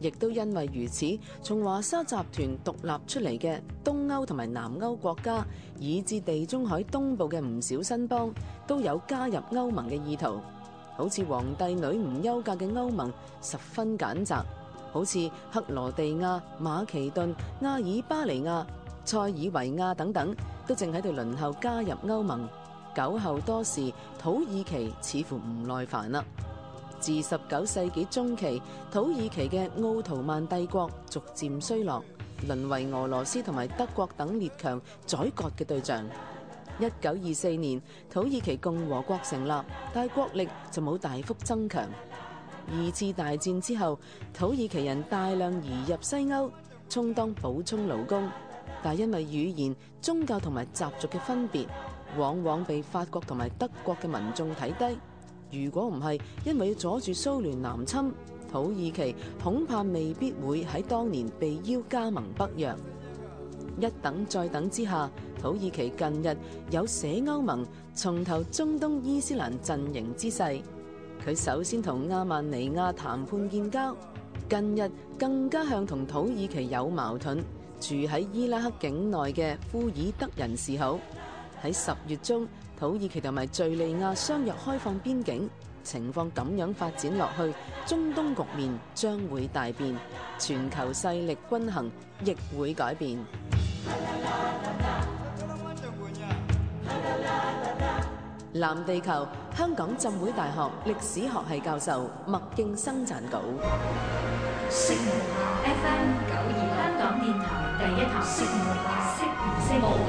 亦都因為如此，從華沙集團獨立出嚟嘅東歐同埋南歐國家，以至地中海東部嘅唔少新邦，都有加入歐盟嘅意圖。好似皇帝女唔憂嫁嘅歐盟十分揀擇，好似克羅地亞、馬其頓、亞爾巴尼亞、塞爾維亞等等，都正喺度輪候加入歐盟。久候多時，土耳其似乎唔耐煩啦。自十九世紀中期，土耳其嘅奧圖曼帝國逐漸衰落，淪為俄羅斯同埋德國等列強宰割嘅對象。一九二四年，土耳其共和國成立，但係國力就冇大幅增強。二次大戰之後，土耳其人大量移入西歐，充當補充勞工，但因為語言、宗教同埋習俗嘅分別，往往被法國同埋德國嘅民眾睇低。如果唔係因為要阻住蘇聯南侵，土耳其恐怕未必會喺當年被邀加盟北約。一等再等之下，土耳其近日有寫歐盟、重投中東伊斯蘭陣營之勢，佢首先同阿曼尼亞談判建交，近日更加向同土耳其有矛盾、住喺伊拉克境內嘅庫爾德人示好。喺十月中，土耳其同埋敘利亞相約開放邊境，情況咁樣發展落去，中東局面將會大變，全球勢力均衡亦會改變。藍地球，香港浸會大學歷史學系教授麥勁生撰稿。F M 九二香港電台第一台。